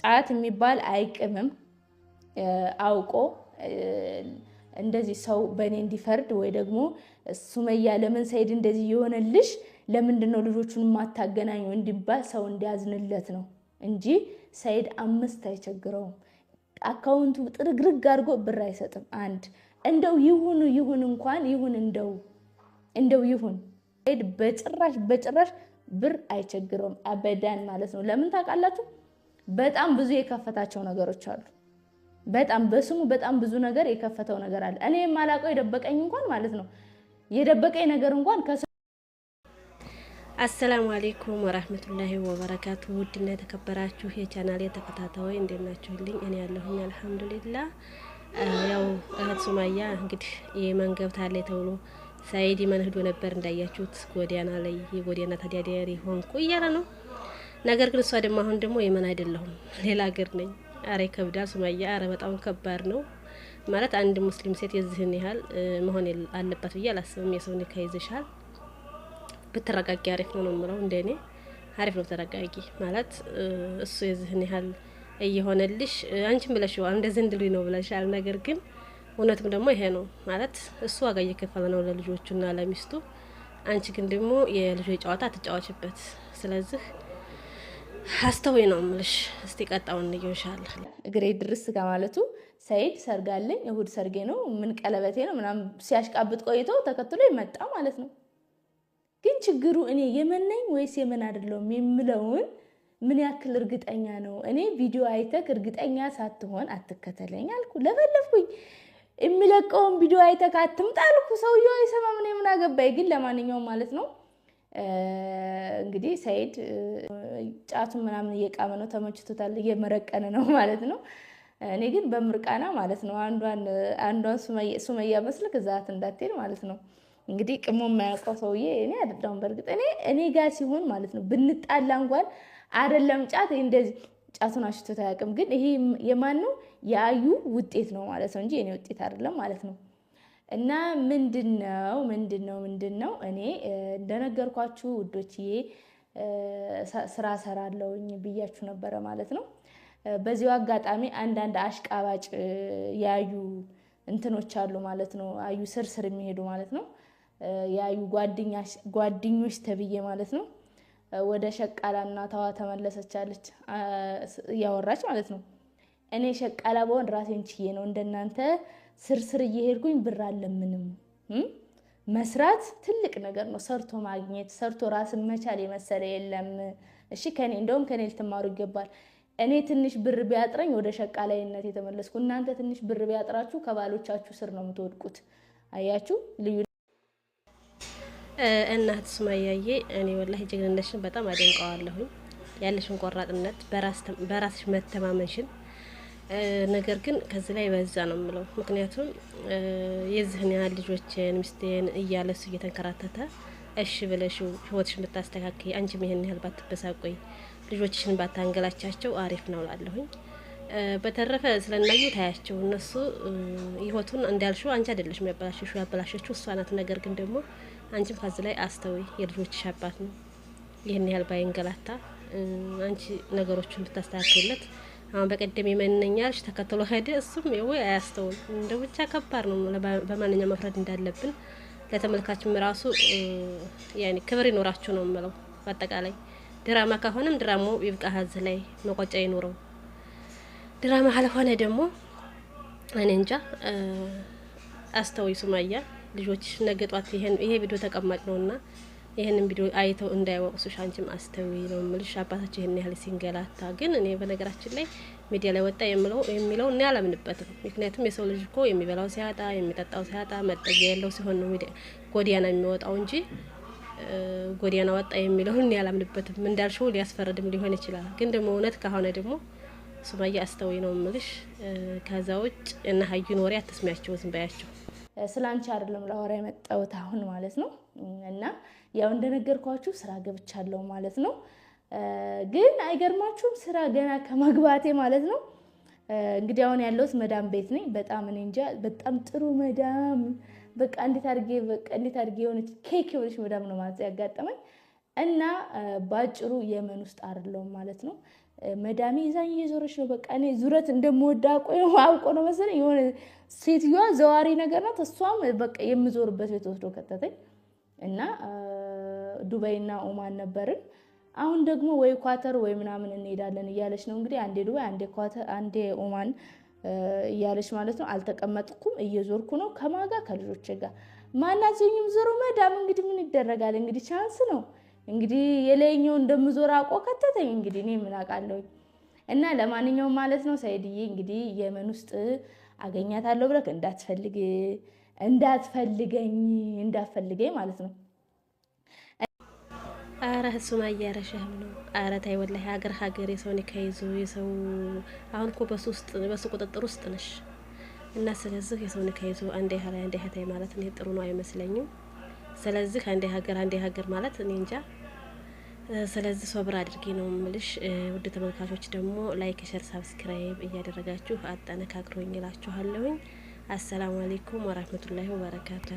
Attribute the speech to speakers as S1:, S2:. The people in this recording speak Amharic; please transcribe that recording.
S1: ጫት የሚባል አይቅምም አውቆ እንደዚህ ሰው በእኔ እንዲፈርድ ወይ ደግሞ ሱመያ ለምን ሰይድ እንደዚህ የሆነልሽ ለምንድን ነው ልጆቹን የማታገናኙ እንዲባል ሰው እንዲያዝንለት ነው እንጂ ሰይድ አምስት አይቸግረውም። አካውንቱ ጥርግርግ አድርጎ ብር አይሰጥም። አንድ እንደው ይሁኑ ይሁን እንኳን ይሁን እንደው እንደው ይሁን ሰይድ በጭራሽ በጭራሽ ብር አይቸግረውም። አበዳን ማለት ነው። ለምን ታውቃላችሁ? በጣም ብዙ የከፈታቸው ነገሮች አሉ። በጣም በስሙ በጣም ብዙ ነገር የከፈተው ነገር አለ። እኔ የማላውቀው የደበቀኝ እንኳን ማለት ነው የደበቀኝ ነገር እንኳን
S2: አሰላሙ አሌይኩም ወራህመቱላሂ ወበረካቱ። ውድና የተከበራችሁ የቻናል የተከታታዮች እንዴት ናችሁልኝ? እኔ ያለሁኝ አልሐምዱሊላ። ያው እህት ሱማያ እንግዲህ የመንገብታ ላይ ተብሎ ሳይድ መንህዶ ነበር እንዳያችሁት፣ ጎዳና ላይ የጎዳና ተዳዳሪ ሆንኩ እያለ ነው ነገር ግን እሷ ደግሞ አሁን ደግሞ የመን አይደለሁም ሌላ ሀገር ነኝ። አረ ይከብዳል ሱማያ፣ አረ በጣም ከባድ ነው ማለት አንድ ሙስሊም ሴት የዚህን ያህል መሆን አለባት ብዬ አላስብም። የሰውን ከይዝሻል ብትረጋጊ አሪፍ ነው ነው ምለው እንደ እኔ አሪፍ ነው ተረጋጊ ማለት እሱ የዚህን ያህል እየሆነልሽ አንቺም ብለሽዋል እንደዚህ እንድሉኝ ነው ብለሻል። ነገር ግን እውነትም ደግሞ ይሄ ነው ማለት እሱ ዋጋ እየከፈለ ነው ለልጆቹና ለሚስቱ። አንቺ ግን ደግሞ የልጆች ጨዋታ አትጫዋችበት። ስለዚህ አስተውይ ነው ምልሽ። እስቲ ቀጣውን እንየሻለ
S1: እግሬ ድርስ ጋ ማለቱ ሰይድ ሰርጋለኝ እሁድ ሰርጌ ነው ምን ቀለበቴ ነው ምናምን ሲያሽቃብጥ ቆይቶ ተከትሎ ይመጣ ማለት ነው። ግን ችግሩ እኔ የመን ነኝ ወይስ የመን አይደለሁም የምለውን ምን ያክል እርግጠኛ ነው? እኔ ቪዲዮ አይተክ እርግጠኛ ሳትሆን አትከተለኝ አልኩ፣ ለፈለፍኩኝ የሚለቀውን ቪዲዮ አይተክ አትምጣ አልኩ። ሰውየው አይሰማም፣ እኔ ምን አገባኝ። ግን ለማንኛውም ማለት ነው እንግዲህ ሰይድ ጫቱን ምናምን እየቃመ ነው፣ ተመችቶታል፣ እየመረቀን ነው ማለት ነው። እኔ ግን በምርቃና ማለት ነው አንዷን ሱመያ መስልክ እዛት እንዳትሄድ ማለት ነው። እንግዲህ ቅሞ የማያውቀው ሰውዬ እኔ አደዳውን በእርግጥ እኔ እኔ ጋር ሲሆን ማለት ነው ብንጣላ እንኳን አደለም ጫት እንደዚህ ጫቱን አሽቶት አያውቅም። ግን ይሄ የማን ነው? የአዩ ውጤት ነው ማለት ነው እንጂ እኔ ውጤት አይደለም ማለት ነው። እና ምንድን ነው ምንድን ነው ምንድን ነው እኔ እንደነገርኳችሁ ውዶችዬ ስራ ሰራለውኝ ብያችሁ ነበረ ማለት ነው። በዚሁ አጋጣሚ አንዳንድ አሽቃባጭ ያዩ እንትኖች አሉ ማለት ነው። አዩ ስር ስር የሚሄዱ ማለት ነው። ያዩ ጓደኞች ተብዬ ማለት ነው። ወደ ሸቃላና ተዋ ተመለሰቻለች እያወራች ማለት ነው። እኔ ሸቃላ በሆን ራሴን ችዬ ነው እንደናንተ ስርስር እየሄድኩኝ ብር አለምንም። መስራት ትልቅ ነገር ነው። ሰርቶ ማግኘት፣ ሰርቶ ራስን መቻል የመሰለ የለም። እሺ ከኔ እንደውም ከኔ ልትማሩ ይገባል። እኔ ትንሽ ብር ቢያጥረኝ ወደ ሸቃላይነት የተመለስኩ፣ እናንተ ትንሽ ብር ቢያጥራችሁ ከባሎቻችሁ ስር ነው የምትወድቁት። አያችሁ ልዩ
S2: እናት ሱማያዬ፣ እኔ ወላሂ ጀግንነትሽን በጣም አደንቀዋለሁኝ። ያለሽን ቆራጥነት፣ በራስሽ መተማመንሽን ነገር ግን ከዚህ ላይ በዛ ነው የምለው። ምክንያቱም የዚህን ያህል ልጆችን ሚስቴን እያለ እሱ እየተንከራተተ እሺ ብለሽ ህይወትሽን ብታስተካክይ አንቺም ይህን ያህል ባትበሳቆይ፣ ልጆችሽን ባታንገላቻቸው አሪፍ ነው ላለሁኝ። በተረፈ ስለናዩ ታያቸው እነሱ ህይወቱን እንዳልሽው አንቺ አይደለሽም የሚያበላሸሹ ያበላሸችው እሷ ናት። ነገር ግን ደግሞ አንቺም ከዚህ ላይ አስተውይ። የልጆችሽ አባት ነው። ይህን ያህል ባይንገላታ፣ አንቺ ነገሮችን ብታስተካከይለት አሁን በቀደም የመነኛልሽ ተከትሎ ሄደ። እሱም ይው አያስተውል እንደ ብቻ ከባድ ነው። በማንኛው መፍረድ እንዳለብን ለተመልካችም ራሱ ያኔ ክብር ይኖራችሁ ነው የምለው። በአጠቃላይ ድራማ ከሆነም ድራማው ይብቃ፣ ሀዝ ላይ መቆጫ ይኖረው። ድራማ ካልሆነ ደግሞ እኔ እንጃ። አስተውይ ሱማያ ልጆች ነገጧት። ይሄ ቪዲዮ ተቀማጭ ነውና ይህንን ቪዲዮ አይተው እንዳይወቅሱሽ አንቺም አስተዊ ነው የምልሽ። አባታቸው ይህን ያህል ሲንገላታ ግን እኔ በነገራችን ላይ ሚዲያ ላይ ወጣ የምለው የሚለው እኔ አላምንበትም። ምክንያቱም የሰው ልጅ እኮ የሚበላው ሲያጣ የሚጠጣው ሲያጣ መጠጊያ ያለው ሲሆን ነው ሚዲያ ጎዳና የሚወጣው እንጂ ጎዳና ወጣ የሚለው እኔ አላምንበትም። እንዳልሽው ሊያስፈረድም ሊሆን ይችላል። ግን ደግሞ እውነት ከሆነ ደግሞ ሱማያ አስተዊ ነው የምልሽ። ከዛ ውጭ እና ሀዩን ወሬ አትስሚያቸው፣ ዝም በያቸው።
S1: ስለ አንቺ አይደለም ላወራ የመጣሁት አሁን ማለት ነው። እና ያው እንደነገርኳችሁ ስራ ገብቻለሁ ማለት ነው። ግን አይገርማችሁም? ስራ ገና ከመግባቴ ማለት ነው እንግዲህ አሁን ያለሁት መዳም ቤት ነኝ። በጣም እኔ እንጃ በጣም ጥሩ መዳም በቃ እንዴት አድርጌ በቃ እንዴት አድርጌ የሆነች ኬክ የሆነች መዳም ነው ማለት ያጋጠመኝ እና በአጭሩ የመን ውስጥ አይደለሁም ማለት ነው። መዳሜ ይዛኝ እየዞረች ነው። በቃ እኔ ዙረት እንደምወዳ አውቆ ነው መሰለኝ የሆነ ሴትዮዋ ዘዋሪ ነገር ናት። እሷም በቃ የምዞርበት ቤት ወስዶ ከተተኝ እና ዱባይና ኦማን ነበርን። አሁን ደግሞ ወይ ኳተር ወይ ምናምን እንሄዳለን እያለች ነው እንግዲህ። አንዴ ዱባይ፣ አንዴ ኳተር፣ አንዴ ኦማን እያለች ማለት ነው። አልተቀመጥኩም፣ እየዞርኩ ነው። ከማጋ ከልጆች ጋር ማናዘኝም ዞሮ መዳም እንግዲህ ምን ይደረጋል እንግዲህ ቻንስ ነው እንግዲህ የላይኛው እንደምዞር አውቆ ከተተኝ። እንግዲህ እኔ ምን አውቃለሁ። እና ለማንኛውም ማለት ነው ሰይድዬ እንግዲህ የመን ውስጥ አገኛታለሁ ብለህ እንዳትፈልግ እንዳትፈልገኝ እንዳትፈልገኝ ማለት ነው።
S2: አረ እሱማ እያረሸህም ነው። አረ ተይ ወላሂ ሀገር ሀገር የሰውን ከይዞ የሰው አሁን እኮ በሱ ውስጥ በሱ ቁጥጥር ውስጥ ነሽ እና ስለዚህ የሰውን ከይዞ ይዞ አንዴ ሀላይ አንዴ ሀታይ ማለት እኔ ጥሩ ነው አይመስለኝም። ስለዚህ አንዴ ሀገር አንዴ ሀገር ማለት እኔ እንጃ ስለዚህ ሶብር አድርጌ ነው ምልሽ። ውድ ተመልካቾች ደግሞ ላይክ፣ ሸር፣ ሳብስክራይብ እያደረጋችሁ አጠነካክሮኝ እላችኋለሁኝ። አሰላሙ አሌይኩም ወራህመቱላሂ ወበረካቱ።